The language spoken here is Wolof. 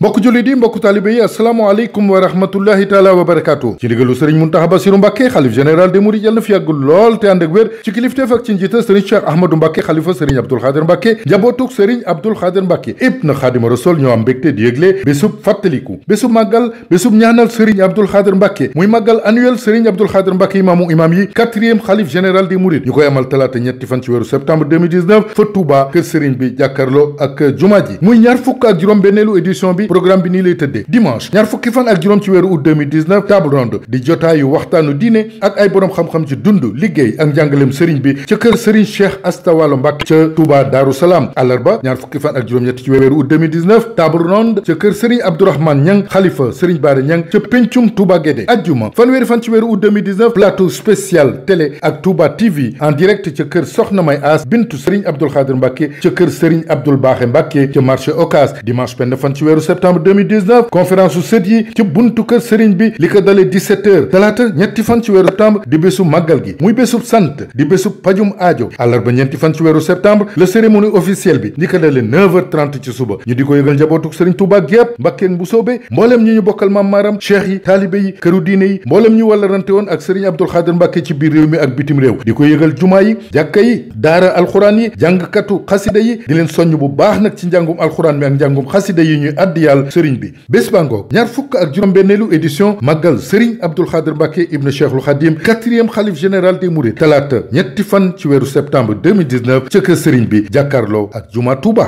mbokk jullit yi mbokk taalibé yi asalaamaaleykum wa rahmatullahi taala wa barakaatu ci ndigalu sëriñ Muntaxa Basiru Mbàkke xalif général des mourides yal na fi yàgg lool te ànd ak wér ci kilifteef ak ci njiital sëriñ Cheikh Ahmadou Mbàkke xalifa sëriñ Abdul Xaadir Mbàkke njabootuk sëriñ Abdul Xaadir Mbàkke ibn Xaadima Rasul ñoo am mbégte di yëgle bésub fàttaliku bésub màggal bésub ñaanal sëriñ Abdul Xaadir Mbàkke muy màggal annuel sëriñ Abdul Xaadir Mbàkke ñetti fan ci weeru septembre 2019 fa Touba ak jumaa ji muy ñaar fukk ak juróom édition bi programme bi ni lay tëddee dimanche ñaar fukki fan ak juróom ci weeru août table ronde di jotaayu waxtaanu diine ak ay borom xam-xam ci dund liggéey ak njàngaleem sëriñ bi ca kër sëriñ Cheikh Asta Walo Mbàkke ca Touba Daaru Salaam àllarba ñaar fukki fan ak juróom-ñett ci weeru août 2019 table ronde ca kër sëriñ Abdourahmane fan ci weeru août 2019 plateau kër Soxna May As bintu sëriñ Abdoul Xaadir Mbàkke ca kër sëriñ Abdoul Baaxe Mbàkke ca marché Ocass dimanche benn fan ci weeru septembre 2019 conférence su sët yi ci buntu kër sëriñ bi li ko dalee 17 heures gi muy bésub sant di bésub pajum aajo àllarba ñetti fan ci weeru septembre la cérémonie officielle bi li ko dalee suba ñu di ko yëgal njabootuk sëriñ Touba gépp mbakkeeg bu soobee mbooleem ñi ñu bokkal maam maaram cheikh yi taalibe yi këru diine yi mbooleem ñu wala woon ak sëriñ Abdul Xaadir Mbàkke ci biir réew mi ak bitim réew di ko yëgal jumaa yi jàkka yi daara alxuraan yi jàngkatu xasida yi di leen soññ bu baax nag ci njàngum alxuraan mi ak njàngum xasida yi ñuy addi social sëriñ bi bés bangoog ñaar fukk ak juróom-benneelu édition màggal sëriñ Abdul Xaadir Mbàkke ibnu Cheikhul Xadim quatrième xalif général des Mourides talaata ñetti fan ci weeru septembre 2019 sëriñ bi jàkkaarloo ak juma Touba.